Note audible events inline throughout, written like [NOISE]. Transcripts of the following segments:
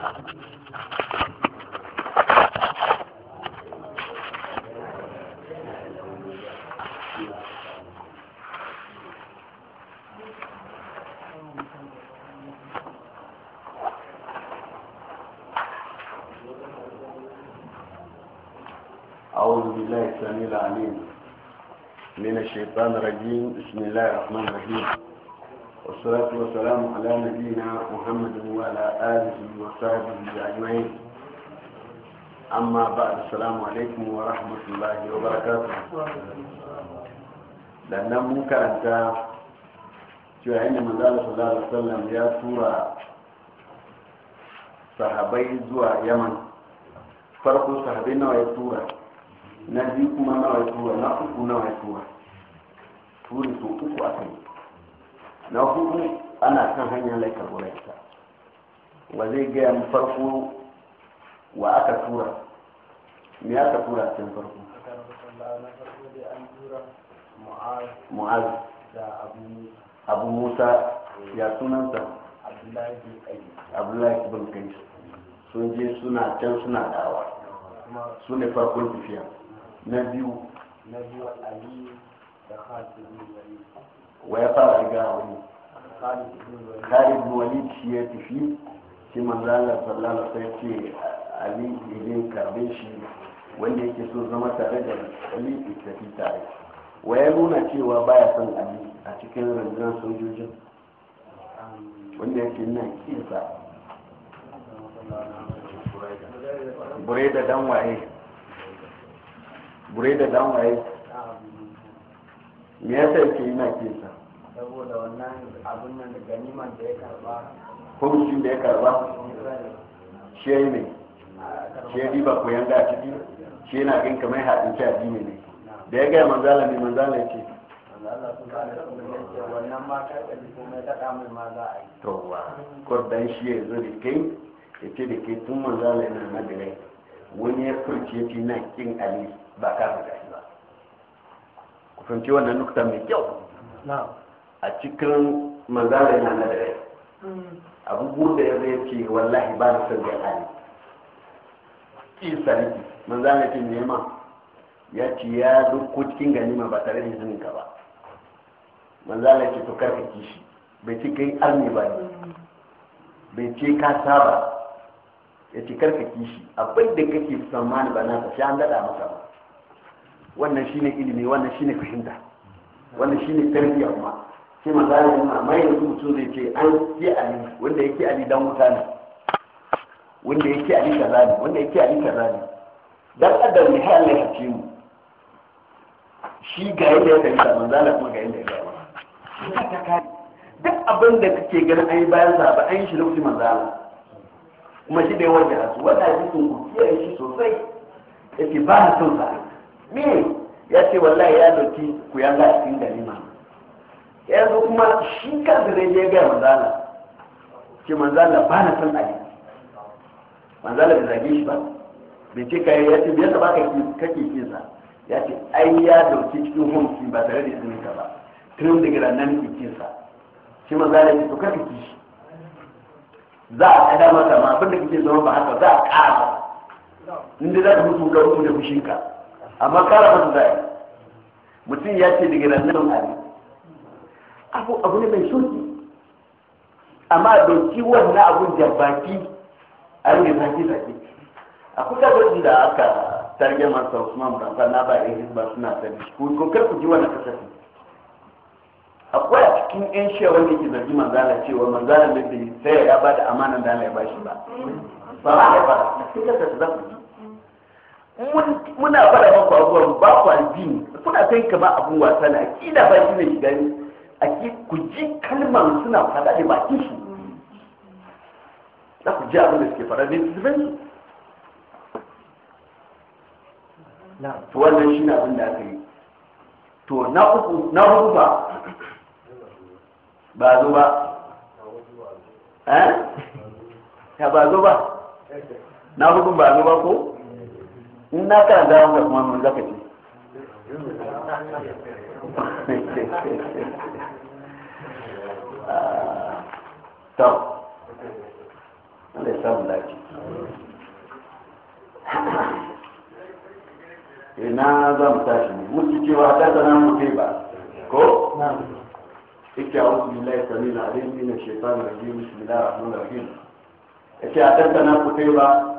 أعوذ بالله السميع العليم من الشيطان الرجيم بسم الله الرحمن الرحيم والصلاة والسلام على نبينا محمد وعلى آله وصحبه أجمعين أما بعد السلام عليكم ورحمة الله وبركاته لأن ممكن أنت cewa yadda manzana sallallahu alaihi wasallam ya tura sahabai zuwa yaman farko sahabai nawa ya tura na biyu kuma nawa ya tura na uku nawa ya tura na hudu ana kan hanyar laikar wuraita wa zai gaya farko wa aka tura me aka tura a cikin farko mu'az abu musa ya sunanta abdullahi bin kai sun je suna can suna dawa su ne farkon tafiya na biyu na biyu ali da khatibin wa ya fara riga a wani khalid bin walid shi ya tafi shi manzo Allah sallallahu alaihi wasallam ce ali idin karbe shi wanda yake so zama tare da ali tafi tare wa ya nuna cewa baya son ali a cikin rundunar sojojin wanda yake na kisa bure da dan waye bure da dan waye me yasa yake yana kisa saboda wannan abun nan da ganiman da ya karba hukuncin da ya karba shi ne shi ya riba koyan da a ciki shi yana gan kamar haɗin ci addini ne da ya gaya manzala ne manzala ya ce towa kwardan shi ya zo da kai ya ce da kai tun manzala yana na wani ya furci ya na kin ali ba ka da fahimci wannan nukta mai kyau a cikin manzara yana na dare mm. abubuwan da ya zai ce wallahi ba na son ya hali isa ne manzara ce nema ya ce ya dukko cikin ganima ba tare da izinin ka ba manzara ce to karka kishi bai ce kai arni ba ne bai ce ka saba ya ce karka kishi abin da kake tsammani ba na shi an daɗa masa ba wannan shine ilimi wannan shine fahimta wannan shine tarbiyya kuma sai manzo Allah yi mai da mutum zai ce an yi ali wanda yake ali dan mutane wanda yake ali kaza ne wanda yake ali kaza ne dan adam ne har Allah ya ce mu shi ga yadda ya da manzo Allah kuma ga yadda ya ba duk abin da kake ganin an yi bayan sa ba an shi lokacin manzo Allah kuma shi da yawan da su wanda kun ku kiyaye shi sosai yake ba na son sa me ya ce wallahi ya doki ku ya ga cikin ya yanzu kuma shi ka zai je ga manzala ce manzala ba na san ali manzala bai zage shi ba bai ce kai ya ce bai ba kake kinsa ya ce ai ya doki cikin hunki ba tare da izinin ka ba tun daga nan sa ki manzala ki ce ka kake shi za a kada masa ma abinda da kake zama ba haka za a ƙara inda za ka mutu ga uku da fushinka amma kara masu zai mutum ya ce daga nan hali abu abu ne mai soki amma doki wannan abu da baki a yi zaki zaki akwai zai da aka targe masa usman bramfa na ba yi hizba suna ta ko ko ku ji wannan kasafi akwai a cikin yan shewa wanda ke zargi manzala cewa manzala ne bai sai ya bada amanan da ana ya shi ba ba ba ba sai ba za ku ji muna fara maku abubuwan ba ku addini kuna kai kama abun wasa na akida ba shi ne gani ki ku ji kalmar suna fada da bakin su za ku ji abin da suke fara ne su zube su to wannan shi na abin da aka yi to na uku na uku ba ba zo ba eh ya ba zo ba na hukun ba zo ba ko in na karanta wanda kuma mun zaka ce [LAUGHS] to Allah ya samu dace [COUGHS] ina za mu tashi ne mutu cewa ta zana mu kai ba ko ike a wasu billahi sami na alim ina shaitan rajim bismillah rahman rahim ya ce a tattana ku kai ba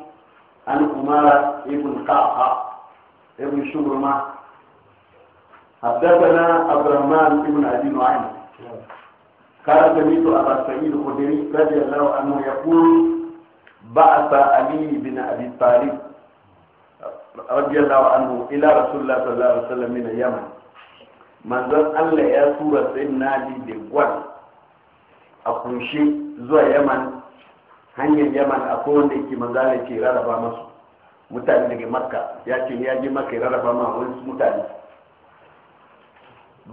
ani kumara ibu nka ha ibu na abdulrahman ibu na adi nwa ayi kala ta mi to aba ta ya ku ba ata ali bi na abi tali rabi ala wa anu ila rasulillah sallallahu alaihi wa sallam ina yamma manzo allah ya tura sai na di de gwan a kunshi zuwa yamma hanyar yaman akwai wanda ke manzala ke rarraba masu mutane daga makka ya ce ya je makka ya rarraba ma wani mutane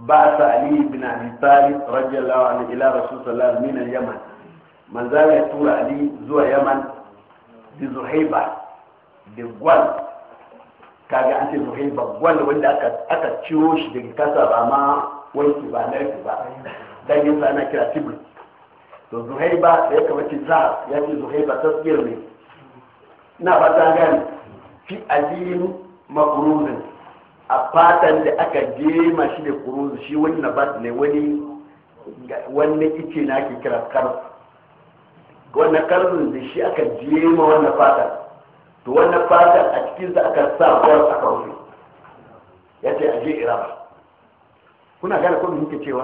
ba sa ali bin abi talib radiyallahu anhu ila rasul sallallahu alaihi wasallam yaman manzala ya tura ali zuwa yaman da zuhaiba da gwal kaga an ce zuhaiba gwal wanda aka aka shi daga kasa ba ma wanki ba na ba dan yanzu ana kira tibrit to zuhaiba da ya kamaci za ya ce zuhaiba tasbir ne na fata gani fi alim makuruzin a fatan da aka jema shi da kuruzu shi wani bat ne wani wani ike na ake kira karf wannan karfin da shi aka jema wannan fatan to wannan fatan a cikinsa aka sa kawai a rufe ya ce aje iraba kuna gane ko me cewa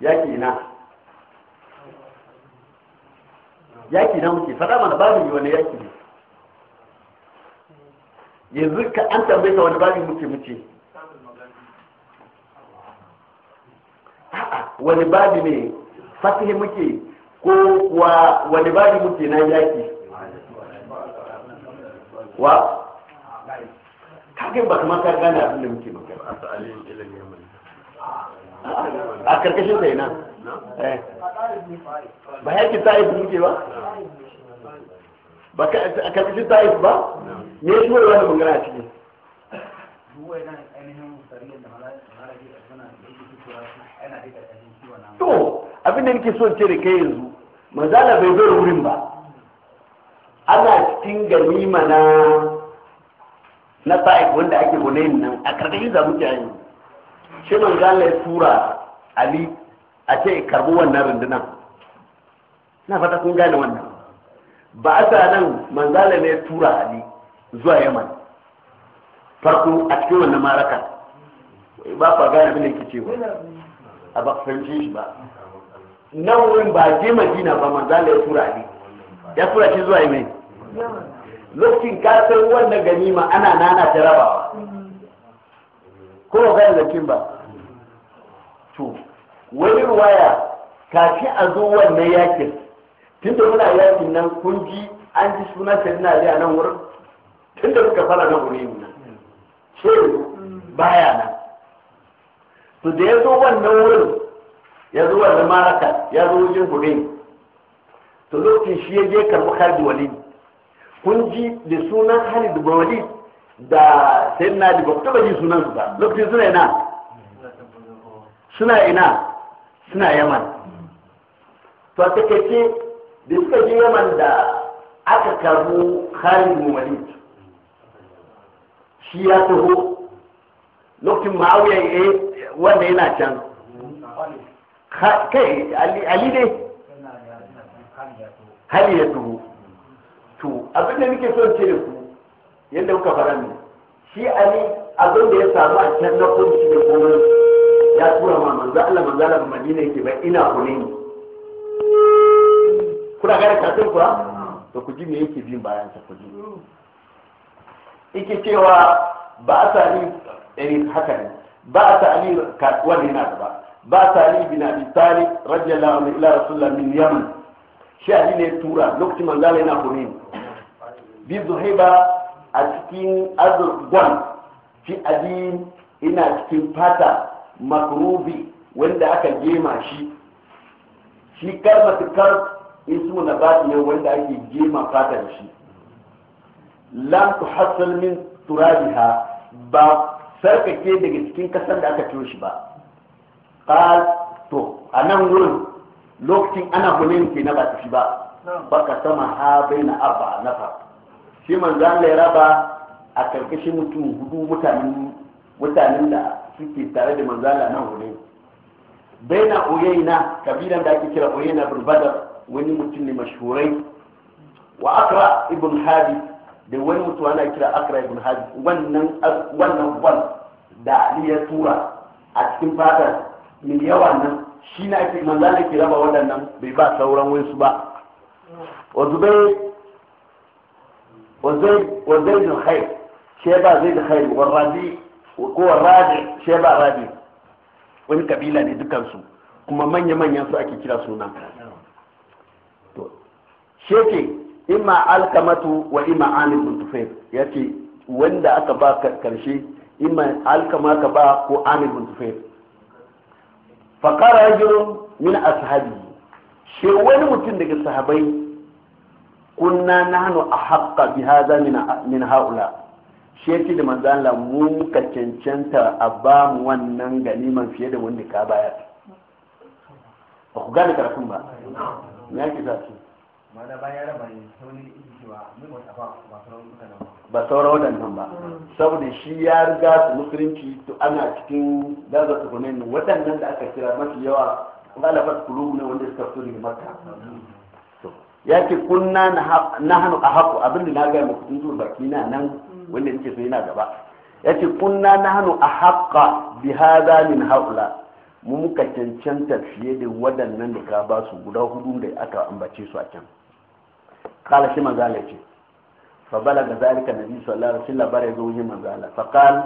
yaki ina yaki na muke faɗa mana babu yi wani yaki ne yanzu ka an tambaye ka wani babu muke muke wani babu ne fatihi muke ko kuwa wani babu muke na yaki wa kagin ba kuma ka gane abin da muke maka a karkashin sai na eh. ba ki ta'if muke ba ba a karkashin ta'if ba me shi wani wani magana a to abin da nake so ce da kai yanzu mazala bai zo wurin ba ana cikin gani na na ta'if wanda ake gunayin nan a karkashin zamu ke yanzu shi man Allah ya tura Ali a ce karbi wannan rundunar na fata kun gane wannan ba a nan manzala ne tura ali zuwa yaman farko a cikin wannan maraka ba fa gane bane da yake cewa a ba fahimce shi ba nan wurin ba je madina ba manzala ya tura ali ya tura shi zuwa yaman lokacin kasar wannan ganima ana nana jarabawa. ko ga zakin ba to wani ruwaya kafi a zo wannan yakin tunda muna yakin nan kun ji an ji sunan sayyidina ali a nan wurin tunda suka fara na wurin nan ce baya nan to da ya zo wannan wurin ya zo wannan maraka ya zo wajen hurin to lokacin shi ya je karɓi khalid walid kun ji da sunan khalid walid da sai na da ba ji sunan su ba lokacin suna ina suna ina suna yaman to a takaice da suka ji yaman da aka karu khalid mumalid shi ya taho lokacin ma'auya ya yi wanda yana can kai ali ne hali ya taho to abinda nake son ce da ku yadda muka fara ne shi ali abin da ya samu a can na kun shi da komai ya tura ma manzo Allah manzo Allah Madina yake ba ina kune ni kuna gane kafin kuwa to ku ji me yake bin bayan sa ku ji yake cewa ba a sani ɗari eh, haka ne ba a sani wani yana gaba ba a sani bin abi talib radiyallahu anhu ila rasulullah min yaman shi ali ne tura lokacin manzo Allah yana kune bi zuhaiba a cikin azurgon fi adin ina cikin fata makrubi wanda aka gema shi shi kalmatu kar ismu na bati ne wanda ake gema fata da shi lantu tuhassal min turabiha ba sarkake daga cikin kasar da aka ciro shi ba to a nan wurin lokacin ana gunin na ba shi ba baka sama ha na arba na shi manzo Allah ya raba a karkashin mutum hudu mutanen mutanen da suke tare da manzo Allah nan hudu baina uyaina kabilan da ake kira uyaina bin badar wani mutum ne mashhurai wa akra ibn hadi da wani mutum ana kira akra ibn hadi wannan wannan da ali ya tura a cikin fadar mai yawa nan shi na ake manzo Allah ke raba waɗannan bai ba sauran wasu ba wa zubair وزيد الخير شيبا زيد الخير والربيع ko rabi rabi wani kabila ne dukansu kuma manya-manyan ake kira suna to sheke ima alkamatu wa ima anibun tufai wanda aka ba karshe ima alkama ka ba ko anibun tufai fakara rajulun min ashabi shi wani mutum daga sahabai kunna nahnu ahqqa bi hadha min min haula shi yake da manzo Allah mu ka cancanta a ba mu wannan ganiman fiye da wanda ka bayar ba ku gane karatun ba ya yake za su mana bayan raba ne sauni cewa mu ba ba sauran mutanen ba ba sauran waɗannan ba saboda shi ya riga su musulunci to ana cikin daga tukunin waɗannan da aka kira mafi yawa ƙalabar kulubu ne wanda suka fito daga makka ya ce kunna na hannu a haku abinda na gaya muku tuntun, baki na nan wanda nake so yana gaba ya ce kunna na hannu a haka bi hada min haula mu muka cancanta fiye da waɗannan da ka ba su guda hudu da aka ambace su a can kala shi manzala ce fa ga zalika nabi sallallahu alaihi wasallam bare zo yi manzala fa qal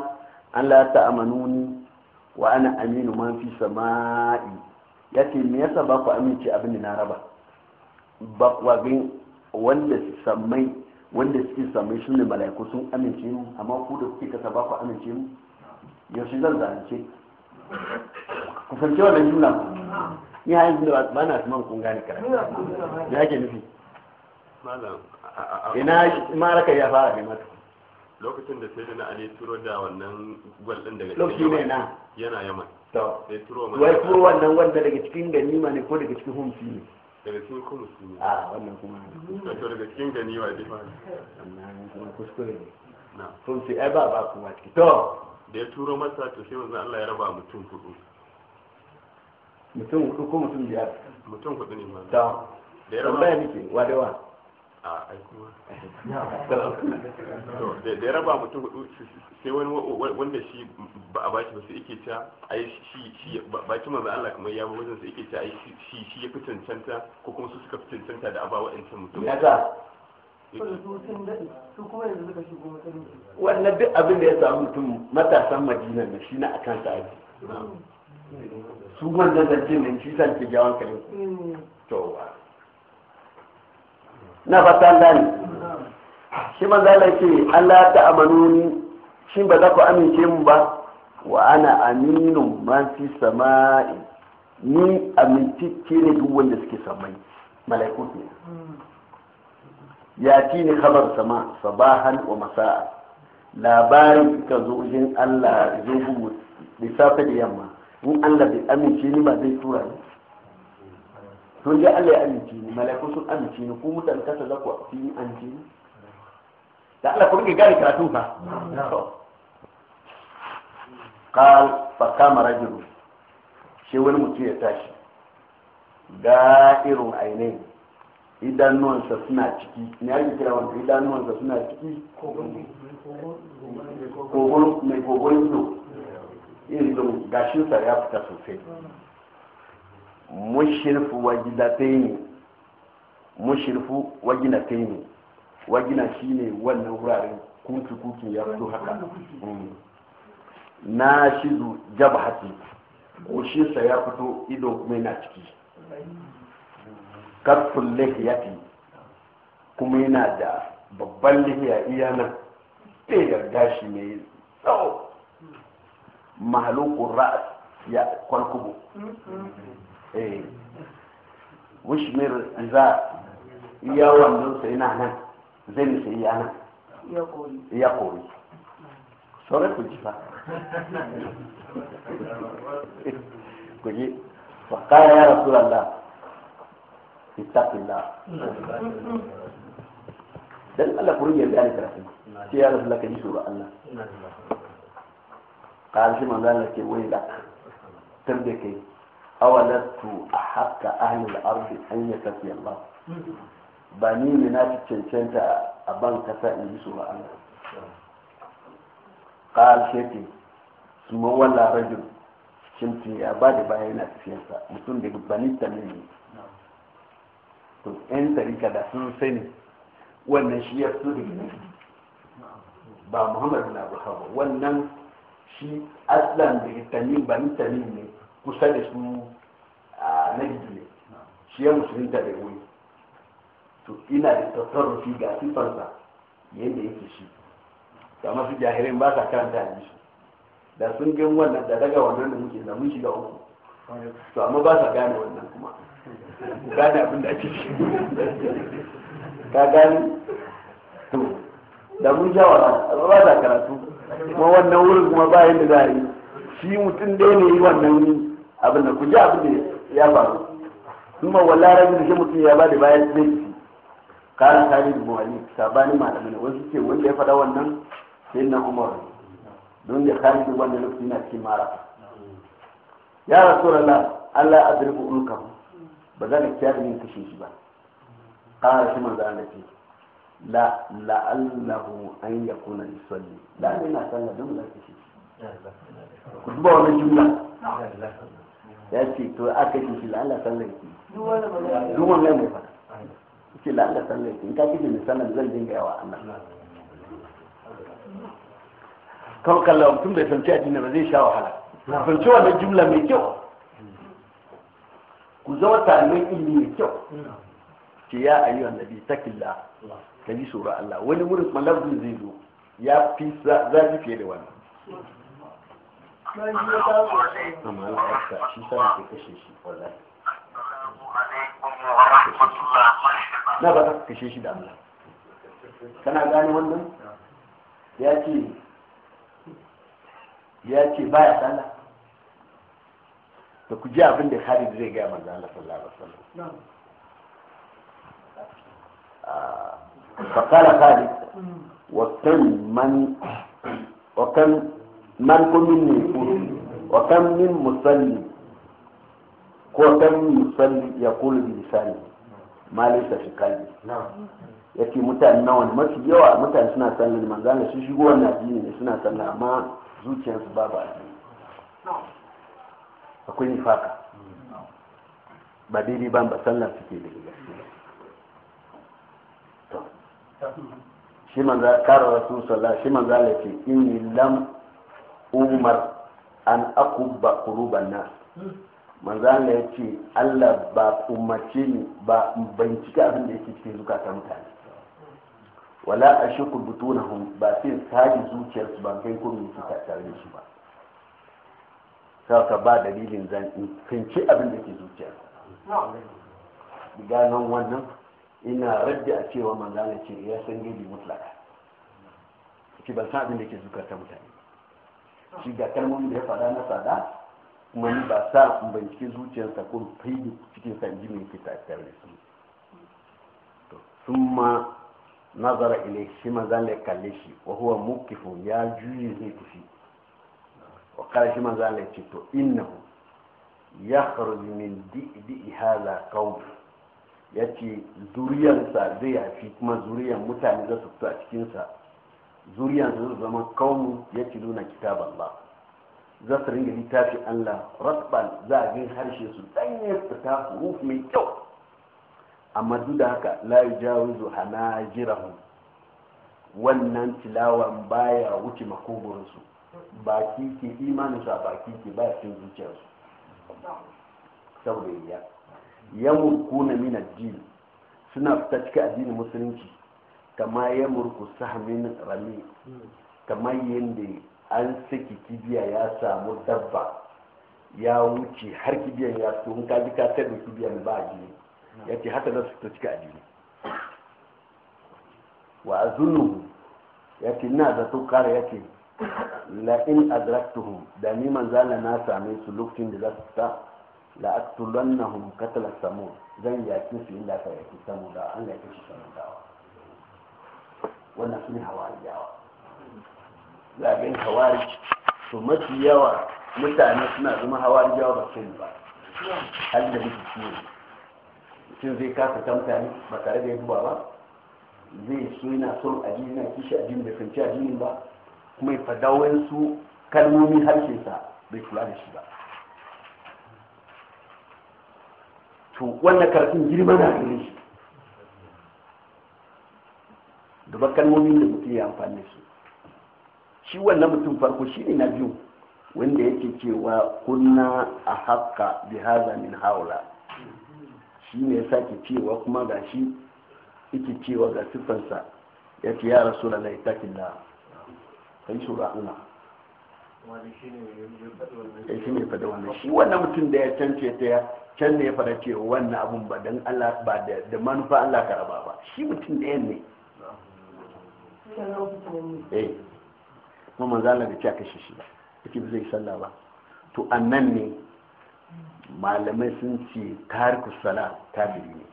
an la ta'amanuni wa ana aminu man fi sama'i yace me yasa ba ku amince abin da na raba bakwabin wanda samai wanda suke samai su ne mala'iku sun amince mu amma ku da suke kasa ba ku amince mu yaushe zan zance ku wa wannan jumla ni hayan da ba na man kun gane karatu ya ake nufi ina maraka ya fara ne mata lokacin da sai na ali turo da wannan gwal din daga cikin ne na yana yaman to sai turo wai turo wannan gwal daga cikin ganima ne ko daga cikin homsi ne daga cikin kurus ne a wannan kuma to daga cikin ganima dai wannan kuma kuskure ne na kun sai ai ba ba kuma ciki to da ya turo masa to sai manzon Allah ya raba mutum hudu mutum hudu ko mutum biyar mutum hudu ne ma to da ya raba nake wa da wa da ya raba mutum hudu sai wani wanda shi ba a bashi ba sai yake ta yi shi shi baki manzo Allah kamar ya ba wajen sai yake ta a shi shi ya cancanta ko kuma su suka cancanta da in wa'ancan mutum ya wannan duk abin da ya samu mutum matasan madina ne shi na akan sa su wannan zancen ne shi san ke jawon kalin mm. to na fata gani shi zala ce Allah ta ni shi ba za ku amince mu ba wa ana aminu man fi sama'i ni amintacce ne duk wanda suke samai mala'iku ne ya ci ne khabar sama sabahan wa masa'a labarin ka zo jin Allah zo bugu da safe da yamma in Allah bai amince ni ba zai tura ni Tun dai Allah ya amince ni malaikun sun amince ni ku mutan kasa za ku fi ni an ce da Allah ku rike gari karatu fa qal fa kama rajulu shi wani mutum ya tashi da'irun ainihin idanuwansa suna ciki ne ake kira wanda idanuwansa suna ciki kogon mai kogon ido irin gashinsa ya fita sosai mushirfu wajidataini mushirfu wajinataini wajina shine wannan wuraren kuntu kuki ya fito haka mm. na shizu jabhati kushinsa ya fito ido mai na ciki kafin lihiyati kuma yana da babban lihiya iya nan ɗaya gashi mai tsawo mahalukun ra'as ya kwalkubo mm-hmm. إيه. وش مير إذا يوم نسينا احنا زين نسينا يقول يقول سوري كل شفا كل وقال يا رسول الله اتق الله دل الله قرية بيالك رحمه في هذا الله كجي سورة الله قال سيما الله لك وين لك تبدأ كيف awalastu a haka ahlul ardi an ya tafi Allah ba ni ne na fi cancanta a ban kasa in yi su ba Allah qal shaytan suma wala rajul cinti ya ba da baya yana tafiyarsa mutum daga bani ne to yan tarika da sun sani wannan shi ya su daga nafi ba muhammadu na ba wannan shi aslan da tamim banita tamim ne kusa da su annabi ne shi ya musulun da wuri to ina da tasarrufi ga sifansa yadda yake shi da masu jahirin ba sa karanta a jishi da sun gan wannan da daga wannan da muke zamun mun shiga uku to amma ba sa gane wannan kuma gane abin da ake shi ka gane to da mun sha wala amma ba sa karatu kuma wannan wurin kuma ba yadda za a yi shi mutum dai ne yi wannan abin da ku ji abin da ya faru kuma wala rabin shi mutum ya ba da bayan zai ci karan tare da buhari sabanin malamai wasu ce wanda ya faɗa wannan sai na umar don ya kare da wanda lokaci na cikin mara ya rasu rana allah ya azurfa ulkan ba za ka kiyar yin kashe shi ba kara shi manzo Allah ce la la'allahu an yakuna yusalli la ina sallah don za ka kashe shi ku duba wannan jumla ya ce to aka ce shi la'ala sallar ki duk mai fara ce la'ala sallar ki in ka kike mai zan dinga yawa annan kawai kallon mutum bai sanci addini ba zai sha wahala sanci wani jumla mai kyau ku zama talibai ilmi mai kyau ce ya ayyuhan nabi killa ka ji tsoro Allah wani wurin malabdin zai zo ya fi zafi fiye da wani. na ba ka kashe shi da Allah kana gane wannan ya ce ya ce ba ya sallah da ku ji abin da Khalid zai gaya manzo Allah sallallahu alaihi wasallam فقال خالد وكم من وكم man ko min nufus wa kam min musalli ko kam min musalli ya kulu bi lisani ma laysa fi qalbi yake mutane nawa ne mafi yawa mutane suna sallah ne manzo shi shigo wannan addini ne suna sallah amma zuciyarsu babu addini akwai nifaka ba daidai ba ba sallah suke da gaskiya shi manzo kara rasul sallah shi manzo Allah ce inni lam umar an akubba kuruban nas manzana ya ce allah ba umarce ni ba bincika abin da yake cikin zukata mutane wala a shuku butunahum ba sai zuciyar su ba kai ko me suka tare da shi ba saka ba dalilin zan in finci abin da ke zuciyarsa nan wannan ina raddi a cewa manzana ce ya san gidi mutlaka ki ban san abin da ke zukata mutane shi ga kalmomin da ya fada na sada kuma ni ba sa in bincike zuciyarsa ko fai cikin sa ji mai fita tare su to sun ma nazara ile shi za ne kalle shi wa huwa ya juye zai tafi wa kare shi za ne ce to innahu ya kharji min di'i hala qawl yace zuriyarsa zai yafi kuma zuriyar mutane za su fito a cikin sa zuriya su zama kawo ya ci nuna kitabar ba. za su ringa littafi Allah rasbal za a gin harshe su danye su huruf mai kyau amma duk da haka layu hana jira hanajirahum wannan tilawan baya wuce makogorinsu baki ke imaninsu a baki ke ba cin zuciyarsu saboda ya kuna mina addini suna fita cikin addinin musulunci kama ya murku sahamin rami kama yadda an saki kibiya ya samu dabba ya wuce har kibiyan ya so in ka ji ka tar da kibiyan ba jini ya ce haka za su ta cika jini wa azunu ya ce na da to kara ya ce la in adraktuhum da ni manzala na same su lokacin da za su ta la aktulannahum qatala samud zan yaki su inda ka yaki da an yaki su samu dawa. wannan su ne hawariyawa zaɓen hawari to mafi yawa mutane suna zama yawa ba su ba hali da muke ciwo mutum zai kasa ta mutane ba tare da ya duba ba zai so yana son ajiyar na kishi ajiyar bai kanci ajiyar ba kuma ya fada wayansu kalmomin harshensa bai kula da shi ba to wannan karfin girma na gare shi da ba kalmomin da mutum ya amfani su shi wannan mutum farko shi ne na biyu wanda yake cewa kunna a haka bi haza min haula shi ne ya sake cewa kuma ga shi yake cewa ga siffansa ya ce ya rasu da laitakin da kai shura ana ya shi ne fada eh, wannan shi wannan mutum da ya cance ta ya can ne ya fara cewa wannan abun ba don Allah ba da manufa Allah ka raba ba shi mutum da ne eh kuma manzo Allah bai ce a kashe shi ba yake ba zai sallah ba to annan ne malamai sun ce tariku sala kafiri ne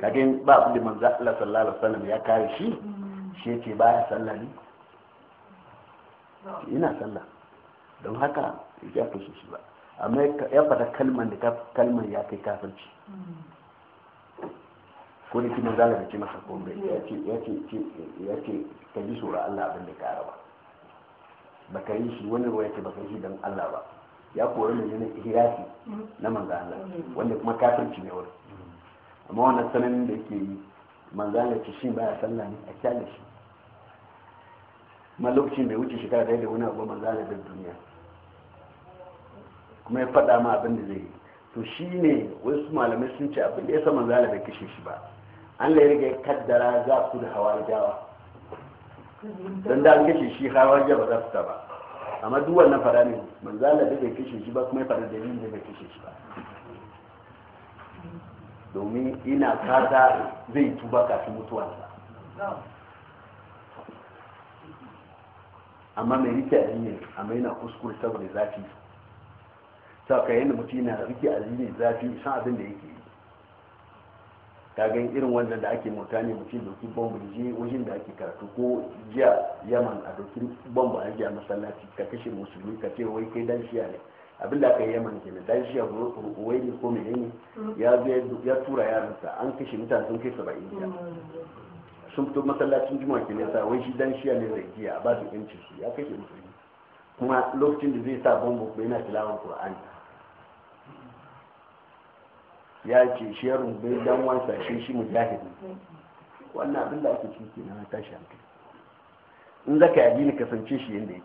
kagin ba abin da manzo Allah sallallahu alaihi wasallam ya kare shi shi yake baya sallah ne ina sallah don haka ya fi shi ba amma ya fada kalmar da kalmar ya kai kafirci ko ne kimin zala da ce masa komai ya ce ya ce ka ji tsoron Allah abin da ba ba ka yi shi wani ruwa ya ce ka yi shi don Allah ba ya kori mai yana hirafi na manzo Allah wanda kuma kafirci ne wani amma wannan sanin da ke yi manzo Allah ce shi ya sallah ne a kyale shi kuma lokacin bai wuce shekara ɗaya da wani abu manzo Allah da duniya kuma ya faɗa ma abin da zai yi to shi ne wasu malamai sun ce abin da ya sa manzo da bai shi ba Allah ya riga kaddara za su da jawa don da an kashe shi hawarijawa ba za su ta ba amma duk wannan fara ne manzo Allah da bai kashe shi ba kuma ya fara yin da bai kashe shi ba domin ina fata zai tuba kafin sa amma mai rike ne amma yana kuskure saboda zafi sau ka yadda mutum yana rike addini zafi san abin da yake gani irin wannan da ake mota ne mutum doki bomba je wajen da ake karatu ko jiya yaman a doki bomba a jiya masallaci ka kashe musulmi ka ce wai kai danshiya ne abin da aka yi yaman ke dan shiya wai ne ko mene ne ya tura yaransa an kashe mutane sun kai saba'in jiya sun fito masallacin juma ke nesa wai shi danshiya ne zai jiya ba su yanci su ya kashe musulmi kuma lokacin da zai sa bomba kuma yana tilawan qur'ani ya ce shi ya rumbe dan wansa shi shi mujahidi wannan abin da ake ke na tashi hankali in zaka yi addini kasance shi yadda yake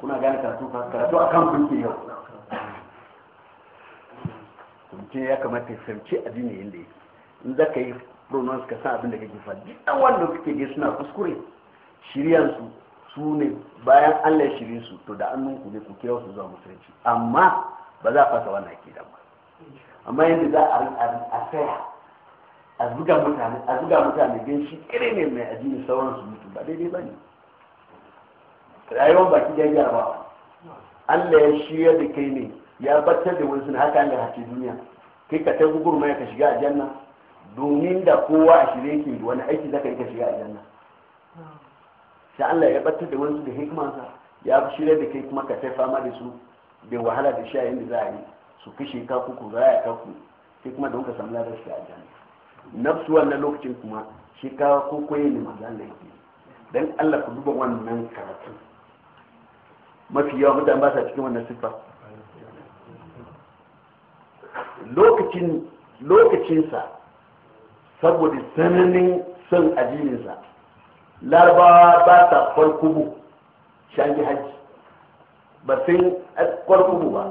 kuna gane karatu karatu a kan kunki yau kunce ya kamata ya sarki addini yadda yake in zaka yi pronounce ka san abin da kake faɗi dan wanda kake ga suna kuskure shiryansu su ne bayan allah ya shirye su to da annun ku ne ku kira su zuwa musulunci amma ba za a fasa wannan akidan ba amma yadda za a tsaya a zuga mutane a zuga mutane gan shi kire ne mai addini sauran su mutu ba daidai ba ne rayuwar baki ya ba allah ya shirya da kai ne ya batar da wani suna haka allah hace duniya kai ka ta gugurma ka shiga a janna domin da kowa a shirye ke wani aiki zaka yi ka shiga a janna sai Allah ya batta da wani da hikmansa ya fi shirya da kai kuma ka sai fama da su da wahala da sha da za a yi su kashe ka ku a ka ku sai kuma don ka samu ladar shi a jami'a nafsu wannan lokacin kuma shi ka ne koyi ne manzo Allah yake dan Allah ku duba wannan karatu mafi yawa mutane ba sa cikin wannan siffa lokacin lokacinsa saboda sananin son addininsa larabawa ba ta farkubu shangi hajji ba sai farkubu ba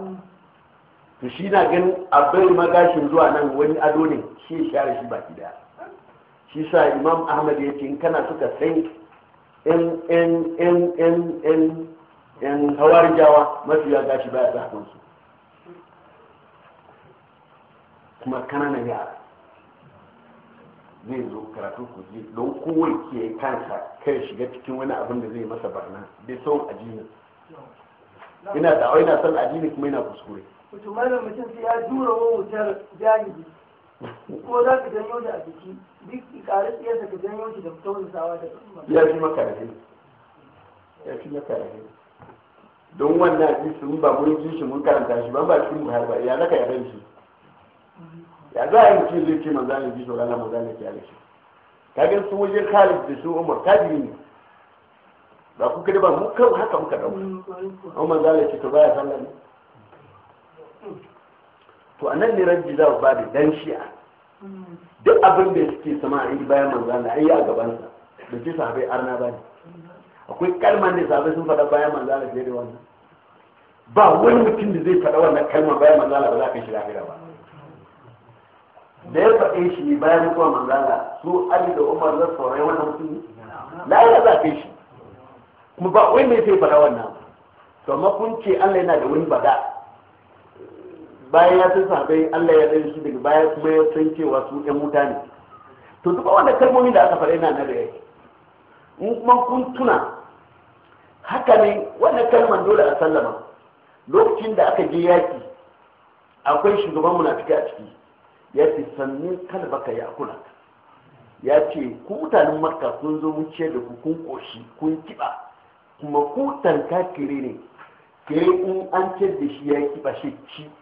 to shi na ganin abin magashin zuwa nan wani ado ne shi share shi baki daya shi sa imam ahmad ya ce in kana suka san in in in in in in hawar jawa mafi ya gashi baya sa su kuma kananan yara zai zo karatu ku ji don kowai ke kansa kai shiga cikin wani abin da zai masa barna bai son ajini ina da wai na son ajini kuma ina kuskure wato malam mutum sai ya jura wa wutar jahili ko za ka janyo da a jiki duk ƙarar tsiyarsa ka janyo shi da fitar sawa da ya fi maka rahe ya fi maka rahe don wannan hadisi ba mun ji shi mun karanta shi ban ba cikin buhari ba ya naka ya shi ya za a yi mutum zai ce manzo Allah ji tsoron Allah manzo Allah ya kiyaye shi kaga su wajen Khalid da su Umar kadiri ne ba ku kadi ba mu kan haka muka dauka mm, amma manzo Allah ce to baya sallah ne to nan ne rabbi za ba da dan shi'a mm. duk abin da suke sama a yi bayan manzo Allah ai a gaban sa da ke sahabai arna ba ne akwai kalmar da sahabai sun faɗa bayan manzo Allah da wannan ba wani mutum da zai faɗa wannan kalmar bayan manzo ba za ka shi lafiya ba da ya faɗe shi bayan mutuwa manzala su ali da umar zan saurayi wannan mutum la'ayyar za ka shi kuma ba wai mai sai fara wannan to amma kun ce allah yana da wani bada bayan ya san sabai allah ya ɗan shi daga baya kuma ya san cewa su ɗan wuta ne to duka wanda kalmomin da aka faɗa yana na da yake in kuma kun tuna haka ne wannan kalman dole a sallama lokacin da aka je yaki akwai shugaban munafiki a ciki ya ce sannin kalbaka ya kula ya ce ku mutanen makka kun zo mun da ku kun koshi kun kiba kuma ku tanka kire ne kire in an ce da shi ya kiba shi ci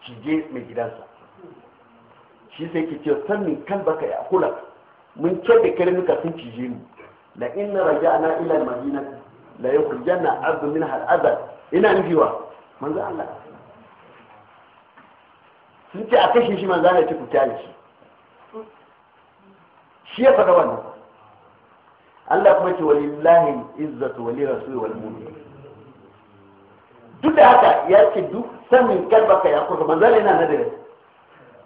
cije mai gidansa shi sai ke ce sannin kalbaka ya kula mun ce da kire muka sun cije mu la inna raja'na ila madinati la yukhrijanna abdu min al-adab ina nufiwa manzo Allah sun ce a kashe shi manzo Allah ce ku da shi shi ya faɗa wannan Allah kuma ce walillahi izzatu wali rasul wal mu'min duk da haka ya ce duk sanin kalbaka ya kusa manzo Allah yana nadare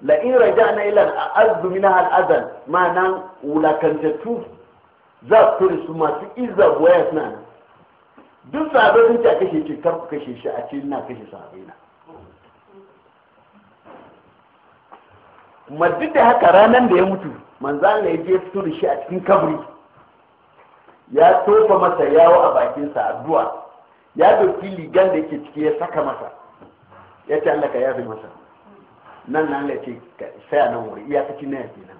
la in raja'na ila al-azd minha al-azal ma'anan wulakantattu za su tori su masu izza waya suna duk sabon sun ce a kashe ce kar ku kashe shi a ce ina kashe sabai na ma da haka ranar da ya mutu manzan ya je fito da shi a cikin kaburi ya tofa masa yawo a bakinsa addu'a ya dauki ligan da yake ciki ya saka masa ya ce Allah ka yafi masa nan nan ya ce saya nan wuri iyakaci na yake nan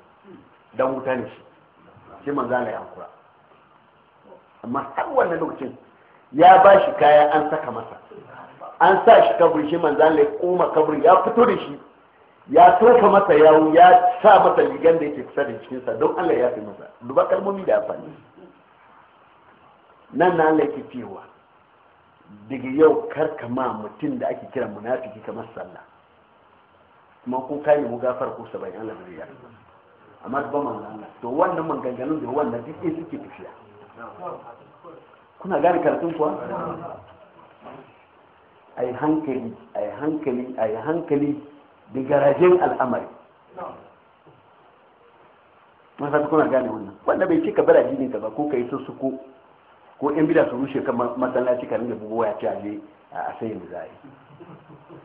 dan wuta ne shi sai manzan ya hankura amma har wannan lokacin ya ba shi kaya an saka masa an sa shi kaburi shi manzan ya koma kaburi ya fito da shi ya tofa masa yawo ya sa masa ligan da yake kusa da cikinsa don Allah ya fi masa duba kalmomi da amfani nan na Allah yake cewa daga yau karka ma mutum da ake kira munafiki kamar sallah kuma ko kai mu gafar ko sabai Allah bai yarda amma ba man Allah to wannan maganganun da wannan duk sai suke tafiya kuna gane karatun kuwa ai hankali ai hankali ai hankali da garajen al'amari mun kuna gane wannan wanda bai cika bara jini ka ba ko kai suko ko yan bida su rushe kan masallaci kan da bugu ya ci a je a sai mu zai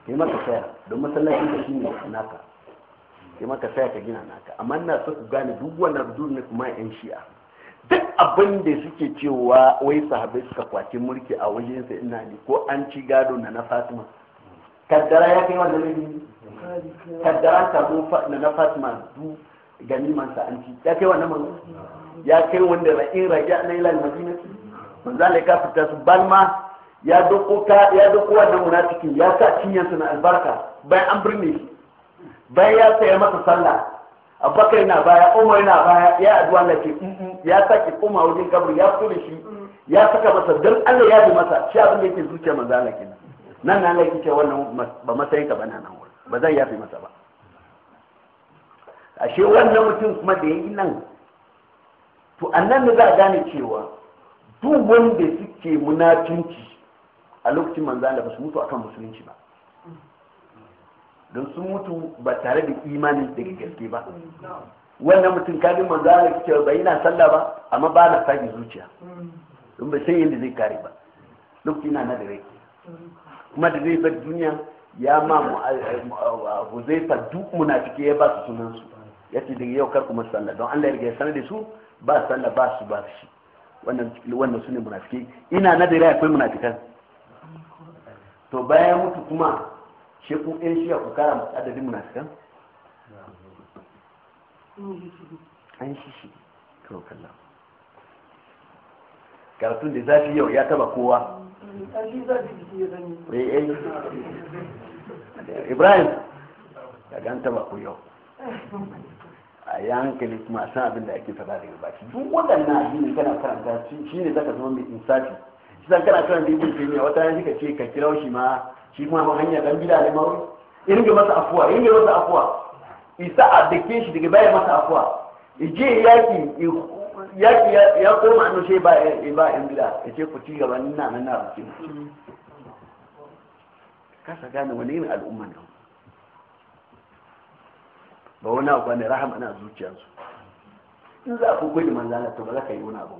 kai maka saya don masallaci ka shine naka kai maka saya ka gina naka amma ina so ku gane duk wannan rudur ne kuma yan shi'a duk abin da suke cewa wai sahabbai suka kwace mulki a wajen sa ina ne ko an ci gado na na fatima kaddara ya kai wanda ne kaddara samu na na fatima du ganiman sa an ci ya kai wannan manzo ya kai wanda ra'in raja na ilal madina manzo Allah ka fita su balma ya doko ka ya doko wannan munafikin ya sa cinyar sa na albarka bayan an birne shi bayan ya saya masa sallah abubakar na baya umar na baya ya addu'a Allah ke ya saki koma wajen kabri ya fito da shi ya saka masa dan Allah ya bi masa shi abin da yake zuciya manzo Allah kenan nan nan Allah yake wannan ba matsayin ka bana nan ba zan yafe masa ba ashe wannan mutum kuma da ya yi nan to annan da za a gane cewa duk wanda suke munafinci a lokacin manzo da ba su mutu akan musulunci ba don sun mutu ba tare da imanin da gaske ba wannan mutum kafin manzo Allah ya ce bai ina sallah ba amma ba na sake zuciya don bai san yadda zai kare ba lokaci na na da rai kuma da zai bar duniya ya ma faddu muna munafike ya ba su sunansu ya ce daga yau kar kuma sallah don Allah ya riga ya sanar da su ba sallah ba su ba shi wannan wannan sune munafike ina na da rai akwai munafikan to bayan mutu kuma shi ku ɗan shi ku kara masu adadin munafikan an shi shi kawo kallon karatun da zafi yau ya taba kowa Eh, eh. ibrahim ka ganta ba ku yau a yi hankali kuma a san abin da ake fada daga baki duk waɗannan da kana karanta shi ne zaka zama mai insafi shi zan kana karanta ibn taymiya wata yanzu ka ce ka kira shi ma shi kuma ma hanya dan bid'a ne ma in ga masa afuwa in ga masa afuwa isa a dake shi daga baya masa afuwa ije yaki ya koma hannu sai ba yan gida ya ce ku ci gaba nina nan na rufe kasa gane wani yin al'umma nan ba wani abu ne rahama na zuciyarsu in za a ku gudu manzana to ba za ka yi wani abu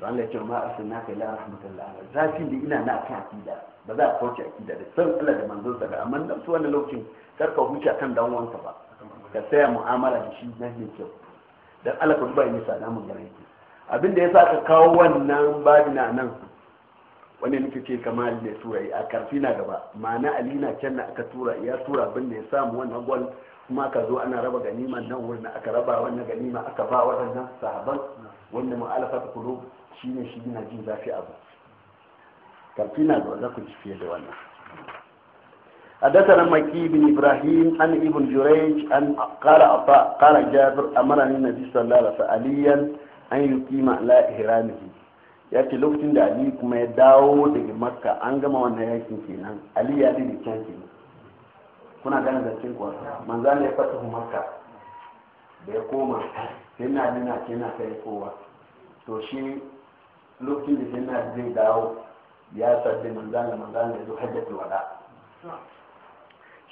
don Allah ya ce ma arsalna ka ila rahmatillah zafin da ina na kan akida ba za a kauce akida da san Allah da manzon sa amma nan su wannan lokacin karka ka huce kan dan wanka ba ka saya mu'amala da shi na ne kyau dan Allah kun ba yi sana mun gane ki abin da yasa ka kawo wannan babina nan wani nufi ke kama da turai a karfi na gaba mana alina na can na aka tura ya tura abin da ya samu wannan gol kuma ka zo ana raba ganima nan wurin aka raba wannan ganima aka ba waɗannan sahaban wanda mu'alafa ta kulo shine shi yana jin zafi abu karfi na gaba za ku ji fiye da wannan حدثنا مكي بن إبراهيم عن ابن جريج عن قال عطاء قال جابر أمرني النبي صلى الله عليه وسلم عليا أن يقيم على إهرامه ya lokacin da ali kuma ya dawo daga makka an gama wannan yakin kenan ali ya bi can kenan kuna gane zancen kuwa manzan ya fata makka da ya koma sai na nuna ke na kai kowa to shi lokacin da sai na zai dawo ya sabbi manzan da manzan da zo hajjatul wada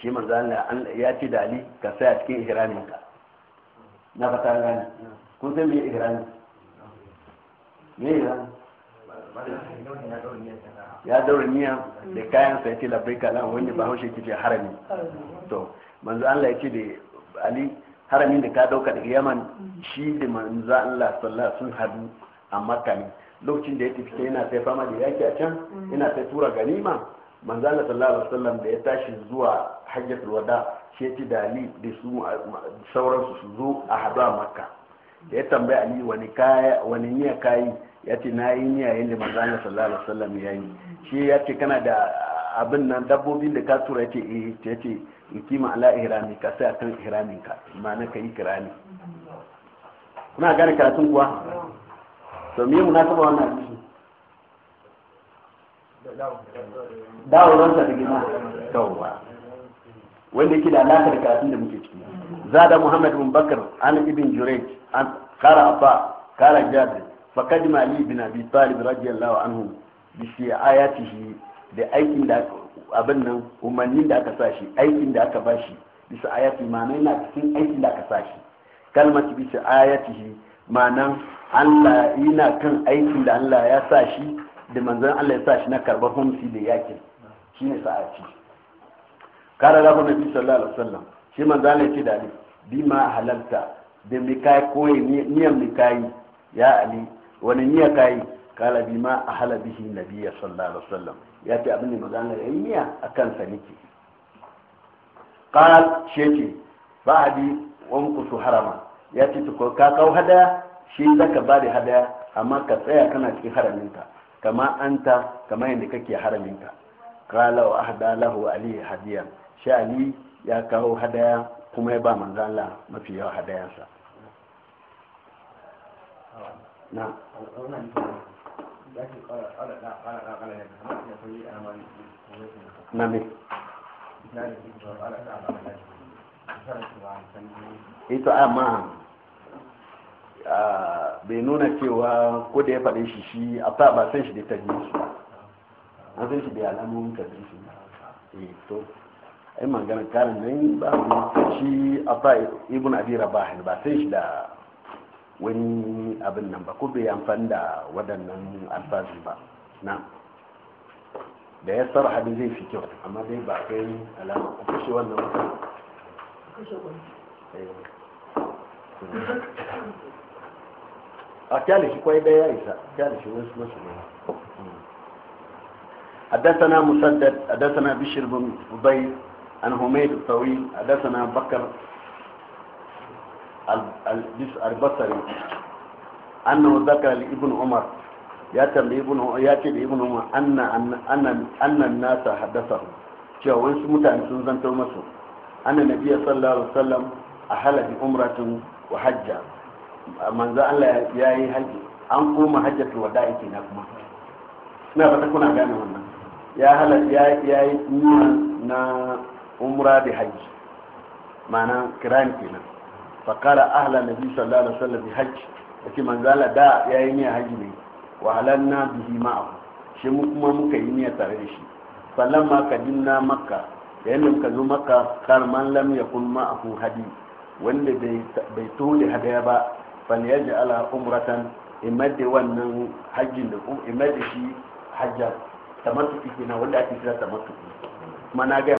shi manzo Allah ya ci da Ali ka a cikin ihramin ka na fata gani kun san me ihramin me ya ya daura niyan da kayan sa yake labai kalan wani ba haushe ke harami to manzo Allah ya ce da Ali haramin da ka dauka daga Yaman shi da manzo Allah sallallahu sun hadu a Makka ne lokacin da ya tafi yana sai fama da yaki a can yana sai tura ganima manzala sallallahu alaihi wasallam da ya tashi zuwa hajjatul wada shi ya ci da Ali da su sauransu su zo a hadu a Makka da ya tambaya Ali wani kaya wani niyya kai ya ce na yi niyya yanda manzo Allah sallallahu alaihi wasallam ya yi shi ya ce kana da abin nan dabbobin da ka tura ya ce eh ya ce ikima ala ihrami ka sai akan ihramin ka ma'ana ka yi kirani kuna gane karatun kuwa to me munasaba wannan dawowarsa da gina wanda yake da alaƙa da karatun da muke ciki zada muhammad bin bakar an ibn jurayj an kara abba kara jabir fakad mali bin abi talib radiyallahu anhu bi shi'ayatihi da aikin da abin nan umarnin da aka sashi aikin da aka bashi bisa ayati ma'ana yana cikin aikin da aka sashi kalmati bisa ayatihi ma'ana Allah yana kan aikin da Allah ya sashi da manzan Allah ya sa shi na karbar homsi da yakin shi ne sa'aci kada da kuma sallallahu alaihi sallam. shi manzan Allah ya ce da bi ma halarta da mai kayi koyi niyan mai kayi ya ali wani niya kayi kala bi ma a bihi na biya alaihi sallam. ya ce abin da manzan Allah ya niyya akan sa ba a bi ba'di wanqusu harama ya ce ko ka kawo hadaya? shi zaka da hadaya? amma ka tsaya kana cikin haraminka kama anta kama yadda kake haraminka kala wa ahda lahu ali hadiya shi ali ya kawo hadaya kuma ya ba manzo Allah mafi yawa hadayansa na na ito amma ah, Ah, bai nuna cewa ko da ya faɗe shi shi a ta ba san shi da tajin su ba san shi da alamomin tajin su eh to ai magana karin nan ba shi a ta ibn abi rabah ba san shi da wani abin nan ba ko bai amfani da waɗannan alfazi ba na da ya tsara hadin zai fi kyau amma dai ba kai alama kashe wannan wata a kyale shi kwai daya isa kyale shi wasu wasu ne حدثنا مسدد حدثنا بشر بن فضيل عن حميد الطويل حدثنا بكر البصري أنه ذكر لابن عمر ياتي لابن ياتي لابن عمر أن أن أن wasu mutane sun zanto masu annabi sallallahu alaihi wasallam a halabi umratun wa hajja manzo Allah ya yi haji an koma hajjatul wada'i na kuma ina fata kuna gane wannan ya halar ya yi niyya na umra da hajji ma'ana kiran kenan qala ahla nabi sallallahu alaihi wasallam bi hajji yake Allah da ya yi niyyar hajji ne wa halanna bihi ma'ahu shi mu kuma muka yi niyya tare da shi sallan ma kadinna makka da muka zo makka kar man lam yakun ma'ahu hadith wanda bai tole hadaya ba falyaji ala umratan imadi wannan hajjin da imadi shi hajjar tamattuki kenan wanda ake kira tamattuki kuma na ga